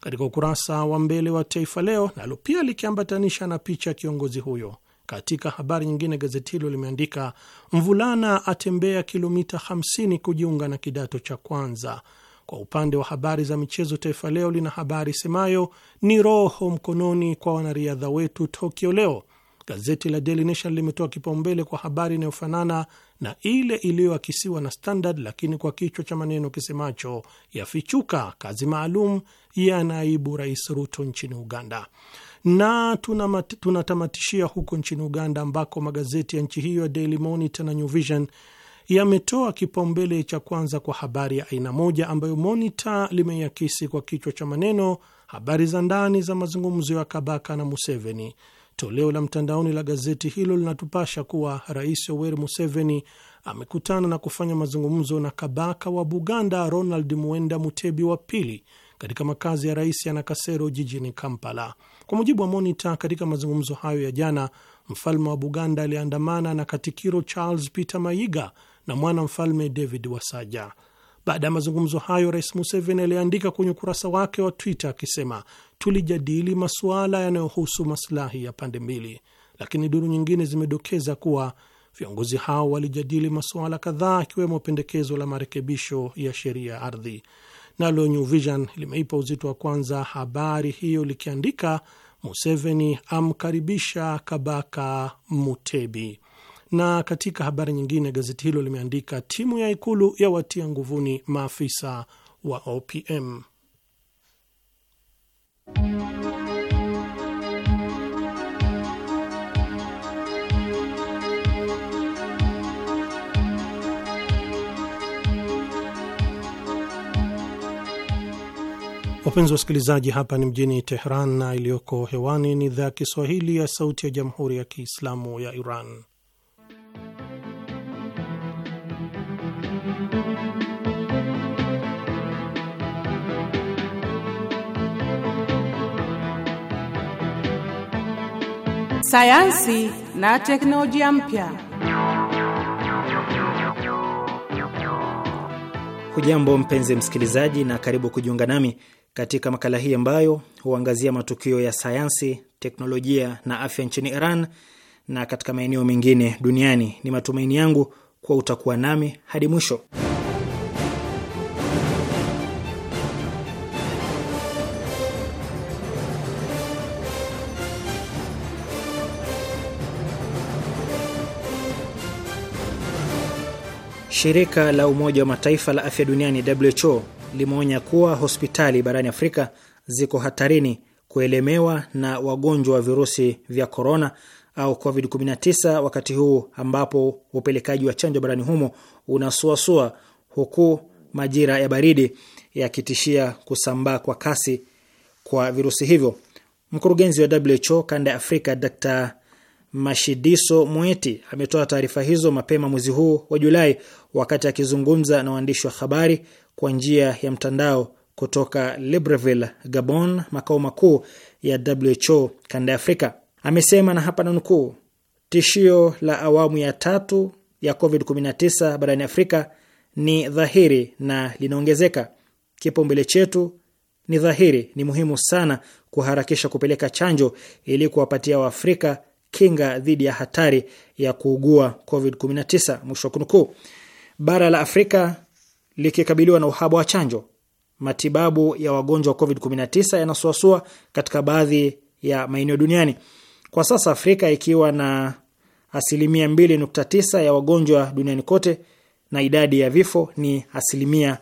katika ukurasa wa mbele wa Taifa Leo, nalo pia likiambatanisha na picha ya kiongozi huyo. Katika habari nyingine, gazeti hilo limeandika mvulana atembea kilomita 50 kujiunga na kidato cha kwanza. Kwa upande wa habari za michezo, Taifa Leo lina habari semayo ni roho mkononi kwa wanariadha wetu Tokyo leo. Gazeti la Daily Nation limetoa kipaumbele kwa habari inayofanana na ile iliyoakisiwa na Standard, lakini kwa kichwa cha maneno kisemacho yafichuka kazi maalum ya naibu rais Ruto nchini Uganda. Na tunatamatishia huko nchini Uganda, ambako magazeti ya nchi hiyo ya Daily Monitor na New Vision yametoa kipaumbele cha kwanza kwa habari ya aina moja ambayo Monitor limeiakisi kwa kichwa cha maneno habari za ndani za mazungumzo ya Kabaka na Museveni. Toleo la mtandaoni la gazeti hilo linatupasha kuwa Rais Yoweri Museveni amekutana na kufanya mazungumzo na Kabaka wa Buganda Ronald Muwenda Mutebi wa pili katika makazi ya rais ya Nakasero jijini Kampala. Kwa mujibu wa Monita, katika mazungumzo hayo ya jana, mfalme wa Buganda aliandamana na katikiro Charles Peter Mayiga na mwana mfalme David Wasaja. Baada ya mazungumzo hayo, Rais Museveni aliandika kwenye ukurasa wake wa Twitter akisema, tulijadili masuala yanayohusu masilahi ya pande mbili, lakini duru nyingine zimedokeza kuwa viongozi hao walijadili masuala kadhaa, ikiwemo pendekezo la marekebisho ya sheria ya ardhi. Nalo New Vision limeipa uzito wa kwanza habari hiyo likiandika, Museveni amkaribisha Kabaka Mutebi. Na katika habari nyingine, gazeti hilo limeandika timu ya ikulu yawatia nguvuni maafisa wa OPM. Wapenzi wasikilizaji, hapa ni mjini Tehran na iliyoko hewani ni idhaa ya Kiswahili ya Sauti ya Jamhuri ya Kiislamu ya Iran. Sayansi na teknolojia mpya. Hujambo mpenzi msikilizaji, na karibu kujiunga nami katika makala hii ambayo huangazia matukio ya sayansi, teknolojia na afya nchini Iran na katika maeneo mengine duniani. Ni matumaini yangu kuwa utakuwa nami hadi mwisho. Shirika la Umoja wa Mataifa la Afya Duniani, WHO limeonya kuwa hospitali barani Afrika ziko hatarini kuelemewa na wagonjwa wa virusi vya korona au COVID-19 wakati huu ambapo upelekaji wa chanjo barani humo unasuasua huku majira ya baridi yakitishia kusambaa kwa kasi kwa virusi hivyo. Mkurugenzi wa WHO kanda ya Afrika Dr Mashidiso Mweti ametoa taarifa hizo mapema mwezi huu wa Julai wakati akizungumza na waandishi wa habari kwa njia ya mtandao kutoka Libreville, Gabon, makao makuu ya WHO kanda ya Afrika. Amesema na hapa nanukuu, tishio la awamu ya tatu ya COVID-19 barani Afrika ni dhahiri na linaongezeka. Kipaumbele chetu ni dhahiri, ni muhimu sana kuharakisha kupeleka chanjo ili kuwapatia Waafrika kinga dhidi ya hatari ya kuugua COVID-19, mwisho wa kunukuu. Bara la Afrika likikabiliwa na uhaba wa chanjo, matibabu ya wagonjwa wa COVID-19 yanasuasua katika baadhi ya maeneo duniani. Kwa sasa Afrika ikiwa na asilimia 2.9 ya wagonjwa duniani kote na idadi ya vifo ni asilimia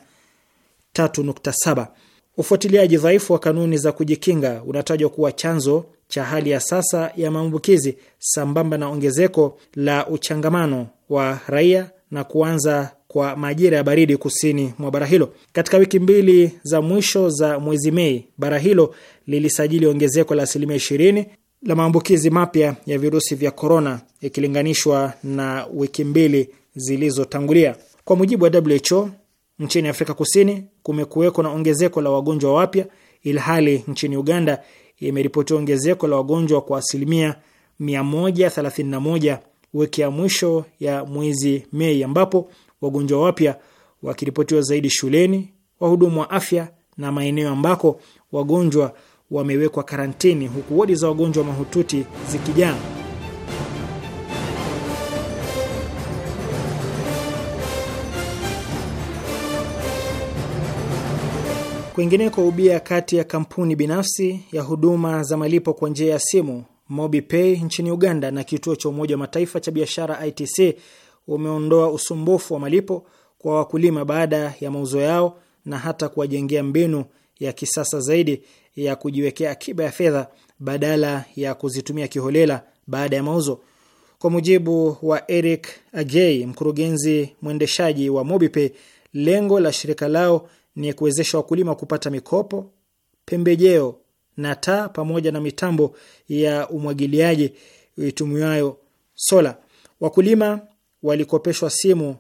3.7. Ufuatiliaji dhaifu wa kanuni za kujikinga unatajwa kuwa chanzo cha hali ya sasa ya maambukizi sambamba na ongezeko la uchangamano wa raia na kuanza kwa majira ya baridi kusini mwa bara hilo. Katika wiki mbili za mwisho za mwezi Mei, bara hilo lilisajili ongezeko la asilimia ishirini la maambukizi mapya ya virusi vya korona ikilinganishwa na wiki mbili zilizotangulia. Kwa mujibu wa WHO, nchini Afrika Kusini kumekuweko na ongezeko la wagonjwa wapya, ilhali nchini Uganda imeripoti ongezeko la wagonjwa kwa asilimia 131 wiki ya mwisho ya mwezi Mei, ambapo wagonjwa wapya wakiripotiwa zaidi shuleni, wahudumu wa afya na maeneo ambako wagonjwa wamewekwa karantini, huku wodi za wagonjwa mahututi zikijaa. Kwingineko, ubia kati ya kampuni binafsi ya huduma za malipo kwa njia ya simu MobiPay nchini Uganda na kituo cha Umoja wa Mataifa cha biashara ITC umeondoa usumbufu wa malipo kwa wakulima baada ya mauzo yao na hata kuwajengea mbinu ya kisasa zaidi ya kujiwekea akiba ya fedha badala ya kuzitumia kiholela baada ya mauzo. Kwa mujibu wa Eric Agey, mkurugenzi mwendeshaji wa MobiPay, lengo la shirika lao ni kuwezesha wakulima kupata mikopo, pembejeo na taa pamoja na mitambo ya umwagiliaji itumiwayo sola. Wakulima walikopeshwa simu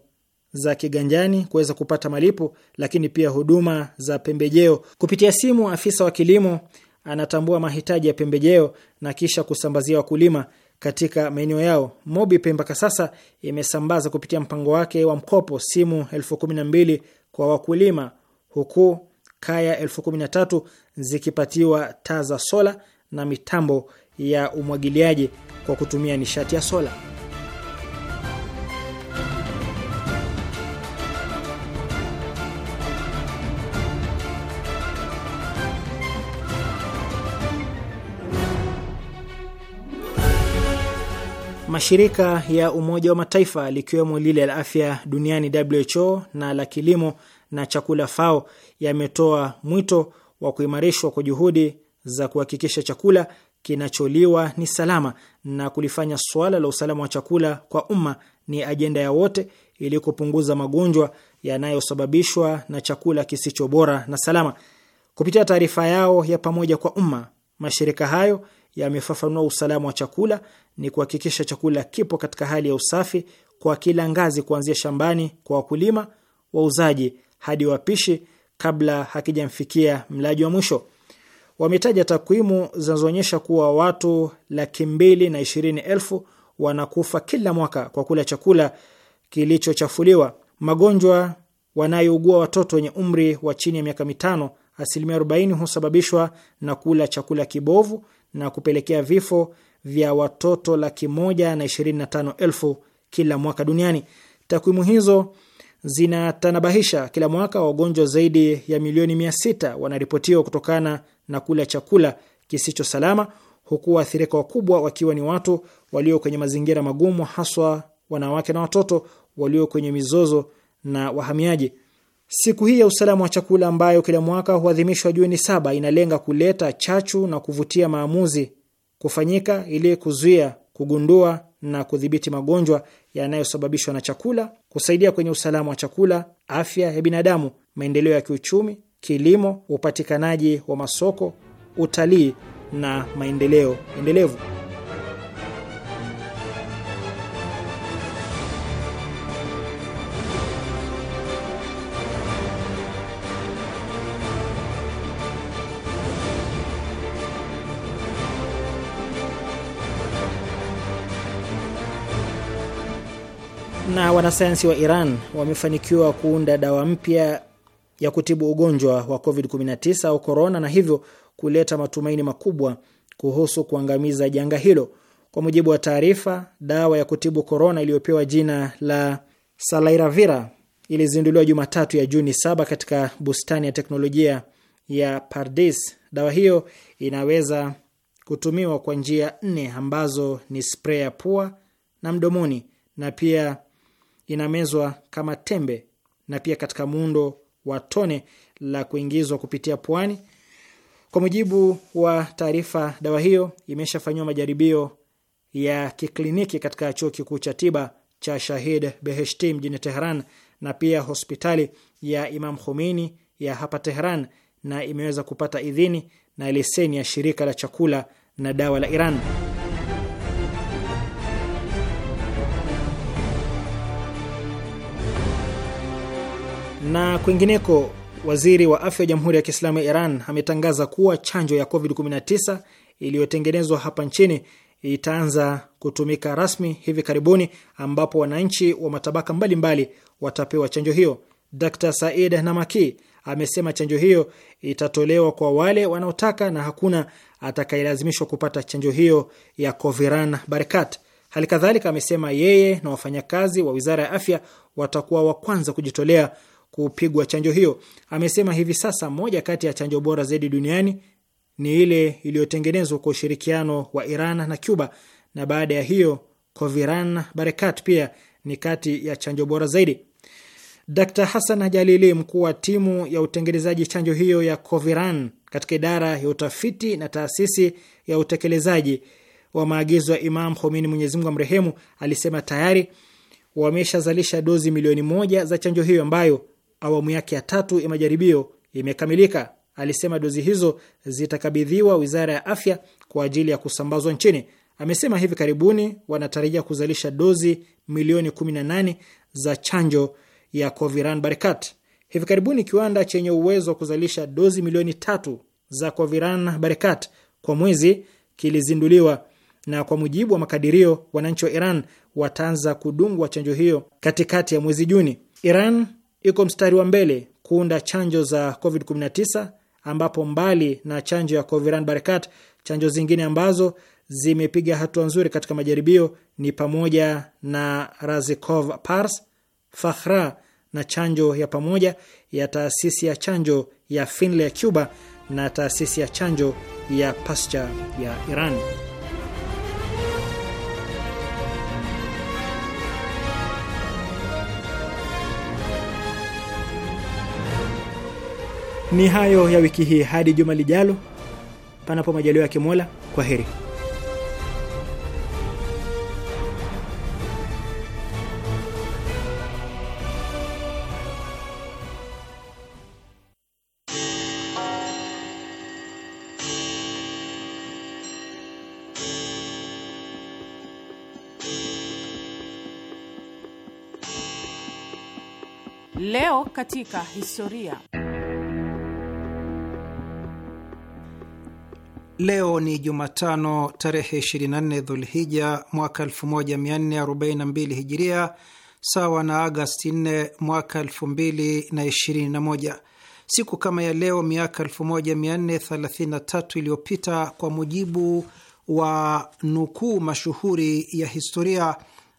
za kiganjani kuweza kupata malipo, lakini pia huduma za pembejeo kupitia simu. Afisa wa kilimo anatambua mahitaji ya pembejeo na kisha kusambazia wakulima katika maeneo yao. MobiPay mpaka sasa imesambaza kupitia mpango wake wa mkopo simu elfu kumi na mbili kwa wakulima huku kaya elfu kumi na tatu zikipatiwa taa za sola na mitambo ya umwagiliaji kwa kutumia nishati ya sola. Mashirika ya Umoja wa Mataifa likiwemo lile la afya duniani WHO na la kilimo na chakula FAO yametoa mwito wa kuimarishwa kwa juhudi za kuhakikisha chakula kinacholiwa ni salama na kulifanya suala la usalama wa chakula kwa umma ni ajenda ya wote ili kupunguza magonjwa yanayosababishwa na chakula kisicho bora na salama. Kupitia taarifa yao ya pamoja kwa umma, mashirika hayo yamefafanua usalama wa chakula ni kuhakikisha chakula kipo katika hali ya usafi kwa kila ngazi, kuanzia shambani kwa wakulima, wauzaji hadi wapishi kabla hakijamfikia mlaji wa mwisho. Wametaja takwimu zinazoonyesha kuwa watu laki mbili na ishirini elfu wanakufa kila mwaka kwa kula chakula kilichochafuliwa. Magonjwa wanayougua watoto wenye umri wa chini ya miaka mitano, asilimia 40 husababishwa na kula chakula kibovu na kupelekea vifo vya watoto laki moja na ishirini na tano elfu kila mwaka duniani. Takwimu hizo zinatanabahisha kila mwaka wagonjwa zaidi ya milioni mia sita wanaripotiwa kutokana na kula chakula kisicho salama, huku waathirika wakubwa wakiwa ni watu walio kwenye mazingira magumu, haswa wanawake na watoto walio kwenye mizozo na wahamiaji. Siku hii ya usalama wa chakula ambayo kila mwaka huadhimishwa Juni saba inalenga kuleta chachu na kuvutia maamuzi kufanyika ili kuzuia, kugundua na kudhibiti magonjwa yanayosababishwa na chakula, kusaidia kwenye usalama wa chakula, afya ya binadamu, maendeleo ya kiuchumi, kilimo, upatikanaji wa masoko, utalii na maendeleo endelevu. wanasayansi wa Iran wamefanikiwa kuunda dawa mpya ya kutibu ugonjwa wa COVID-19 au korona, na hivyo kuleta matumaini makubwa kuhusu kuangamiza janga hilo. Kwa mujibu wa taarifa, dawa ya kutibu korona iliyopewa jina la Salairavira ilizinduliwa Jumatatu ya Juni saba katika bustani ya teknolojia ya Pardis. Dawa hiyo inaweza kutumiwa kwa njia nne ambazo ni spray ya pua na mdomoni na pia inamezwa kama tembe na pia katika muundo wa tone la kuingizwa kupitia puani. Kwa mujibu wa taarifa, dawa hiyo imeshafanyiwa majaribio ya kikliniki katika chuo kikuu cha tiba cha Shahid Beheshti mjini Tehran na pia hospitali ya Imam Khomeini ya hapa Tehran na imeweza kupata idhini na leseni ya shirika la chakula na dawa la Iran. Na kwingineko, waziri wa afya ya Jamhuri ya Kiislamu ya Iran ametangaza kuwa chanjo ya COVID-19 iliyotengenezwa hapa nchini itaanza kutumika rasmi hivi karibuni, ambapo wananchi wa matabaka mbalimbali mbali watapewa chanjo hiyo. Dr Said Namaki amesema chanjo hiyo itatolewa kwa wale wanaotaka na hakuna atakayelazimishwa kupata chanjo hiyo ya Coviran Barakat. Hali kadhalika amesema yeye na wafanyakazi wa wizara ya afya watakuwa wa kwanza kujitolea kupigwa chanjo hiyo. Amesema hivi sasa moja kati ya chanjo bora zaidi duniani ni ile iliyotengenezwa kwa ushirikiano wa Iran na Cuba, na baada ya hiyo Coviran Barakat pia ni kati ya chanjo bora zaidi. Dkt Hassan Jalili, mkuu wa timu ya utengenezaji chanjo hiyo ya Coviran katika idara ya utafiti na taasisi ya utekelezaji wa maagizo ya Imam Khomeini, Mwenyezi Mungu amrehemu, alisema tayari wameshazalisha dozi milioni moja za chanjo hiyo ambayo awamu yake ya tatu ya majaribio imekamilika. Alisema dozi hizo zitakabidhiwa wizara ya afya kwa ajili ya kusambazwa nchini. Amesema hivi karibuni wanatarajia kuzalisha dozi milioni 18 za chanjo ya Coviran Barikat. Hivi karibuni kiwanda chenye uwezo wa kuzalisha dozi milioni tatu za Coviran Barikat kwa mwezi kilizinduliwa, na kwa mujibu wa makadirio, wananchi wa Iran wataanza kudungwa chanjo hiyo katikati ya mwezi Juni. Iran iko mstari wa mbele kuunda chanjo za COVID-19 ambapo mbali na chanjo ya Coviran Barakat, chanjo zingine ambazo zimepiga hatua nzuri katika majaribio ni pamoja na Razikov Pars, Fakhra na chanjo ya pamoja ya taasisi ya chanjo ya Finlay ya Cuba na taasisi ya chanjo ya Pasteur ya Iran. Ni hayo ya wiki hii, hadi juma lijalo, panapo majaliwa ya Kimola. Kwa heri. Leo katika historia Leo ni Jumatano tarehe 24 Dhulhija mwaka 1442 Hijiria, sawa na Agasti 4 mwaka 2021. Siku kama ya leo miaka 1433 iliyopita, kwa mujibu wa nukuu mashuhuri ya historia,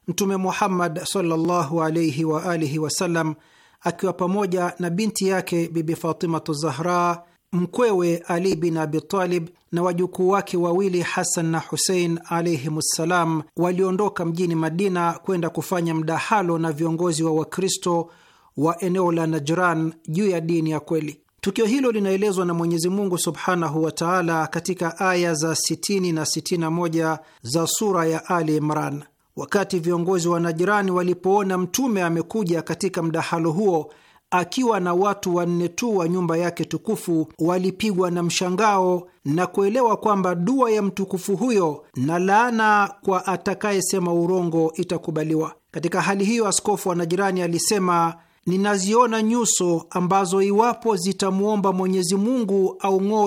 Mtume Muhammad sallallahu alaihi wa alihi wasallam akiwa pamoja na binti yake Bibi Fatimatu Zahra mkwewe Ali bin Abi Talib na wajukuu wake wawili Hasan na Husein alayhimussalam waliondoka mjini Madina kwenda kufanya mdahalo na viongozi wa Wakristo wa eneo la Najran juu ya dini ya kweli. Tukio hilo linaelezwa na Mwenyezi Mungu subhanahu wa taala katika aya za 60 na 61 za sura ya Ali Imran. Wakati viongozi wa Najirani walipoona mtume amekuja katika mdahalo huo akiwa na watu wanne tu wa nyumba yake tukufu walipigwa na mshangao na kuelewa kwamba dua ya mtukufu huyo na laana kwa atakayesema urongo itakubaliwa. Katika hali hiyo, askofu wa Najirani alisema Ninaziona nyuso ambazo iwapo zitamwomba Mwenyezi Mungu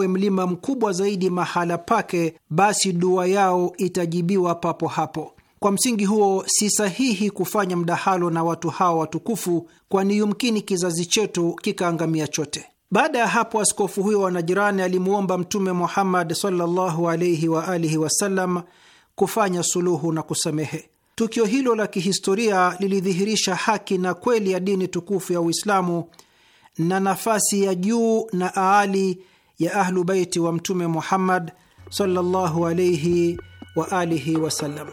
mlima mkubwa zaidi mahala pake, basi dua yao itajibiwa papo hapo. Kwa msingi huo, si sahihi kufanya mdahalo na watu hawa watukufu, kwani yumkini kizazi chetu kikaangamia chote. Baada ya hapo, askofu huyo wa Najirani alimwomba Mtume Muhammad sallallahu alaihi wa alihi wasallam kufanya suluhu na kusamehe. Tukio hilo la kihistoria lilidhihirisha haki na kweli ya dini tukufu ya Uislamu na nafasi ya juu na aali ya Ahlu Baiti wa Mtume Muhammad sallallahu alaihi wa alihi wasallam.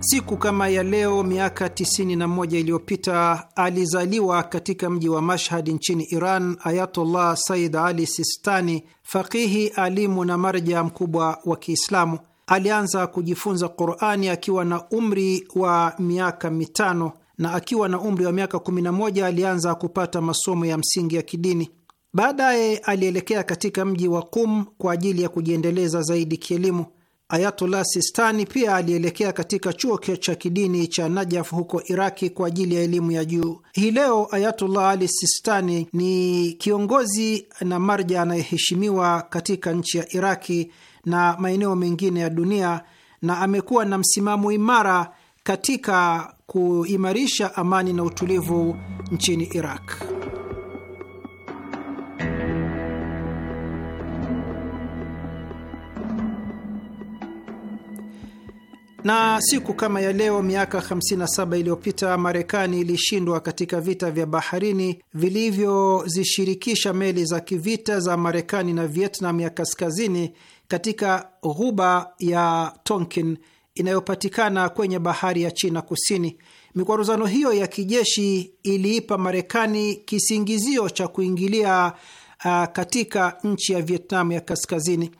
Siku kama ya leo miaka 91 iliyopita alizaliwa katika mji wa Mashhad nchini Iran Ayatullah Said Ali Sistani, faqihi alimu na marja mkubwa wa Kiislamu. Alianza kujifunza Qurani akiwa na umri wa miaka mitano na akiwa na umri wa miaka 11 alianza kupata masomo ya msingi ya kidini. Baadaye alielekea katika mji wa Kum kwa ajili ya kujiendeleza zaidi kielimu. Ayatollah Sistani pia alielekea katika chuo cha kidini cha Najaf huko Iraki kwa ajili ya elimu ya juu. Hii leo Ayatollah Ali Sistani ni kiongozi na marja anayeheshimiwa katika nchi ya Iraki na maeneo mengine ya dunia na amekuwa na msimamo imara katika kuimarisha amani na utulivu nchini Iraq. Na siku kama ya leo miaka 57 iliyopita Marekani ilishindwa katika vita vya baharini vilivyozishirikisha meli za kivita za Marekani na Vietnam ya kaskazini katika ghuba ya Tonkin inayopatikana kwenye bahari ya China Kusini. Mikwaruzano hiyo ya kijeshi iliipa Marekani kisingizio cha kuingilia uh, katika nchi ya Vietnam ya Kaskazini.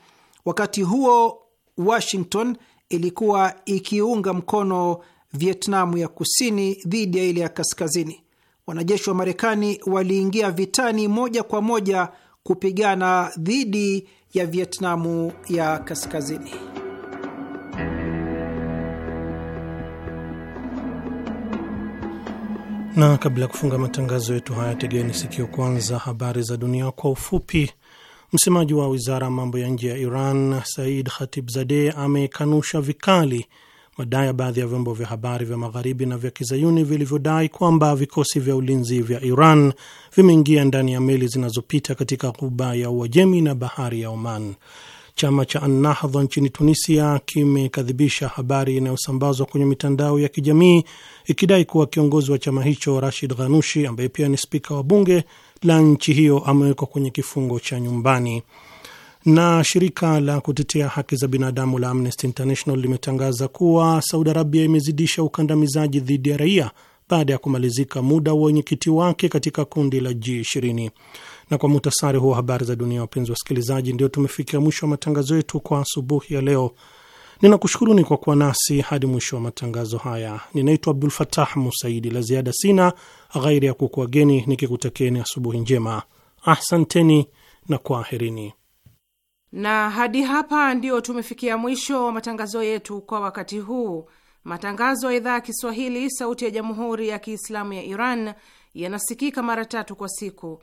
Wakati huo Washington ilikuwa ikiunga mkono Vietnamu ya Kusini dhidi ya ile ya Kaskazini. Wanajeshi wa Marekani waliingia vitani moja kwa moja kupigana dhidi ya Vietnamu ya Kaskazini. na kabla ya kufunga matangazo yetu haya, tegeni sikio kwanza habari za dunia kwa ufupi. Msemaji wa wizara ya mambo ya nje ya Iran Said Khatibzadeh amekanusha vikali madai ya baadhi ya vyombo vya habari vya magharibi na vya kizayuni vilivyodai kwamba vikosi vya ulinzi vya Iran vimeingia ndani ya meli zinazopita katika ghuba ya Uajemi na bahari ya Oman. Chama cha Annahdha nchini Tunisia kimekadhibisha habari inayosambazwa kwenye mitandao ya kijamii ikidai kuwa kiongozi wa chama hicho Rashid Ghanushi, ambaye pia ni spika wa bunge la nchi hiyo, amewekwa kwenye kifungo cha nyumbani. Na shirika la kutetea haki za binadamu la Amnesty International limetangaza kuwa Saudi Arabia imezidisha ukandamizaji dhidi ya raia baada ya kumalizika muda wa wenyekiti wake katika kundi la g ishirini. Na kwa muhtasari huo habari za dunia, wapenzi wa wasikilizaji, ndio tumefikia mwisho wa matangazo yetu kwa asubuhi ya leo. Ninakushukuruni kwa kuwa nasi hadi mwisho wa matangazo haya. Ninaitwa Abdul Fatah Musaidi. La ziada sina ghairi ya kukuageni nikikutakeni asubuhi njema. Ahsanteni na kwaherini. Na hadi hapa ndio tumefikia mwisho wa matangazo yetu kwa wakati huu. Matangazo ya idhaa ya Kiswahili sauti ya jamhuri ya Kiislamu ya Iran yanasikika mara tatu kwa siku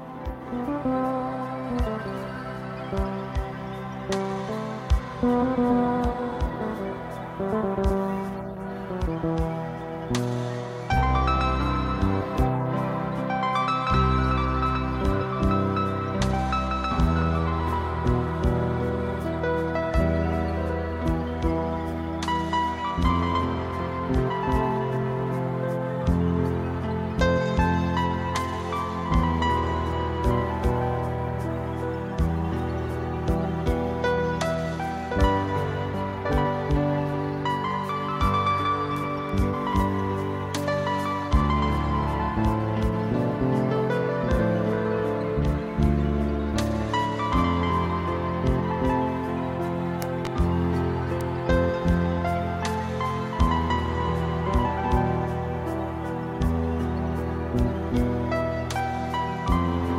you.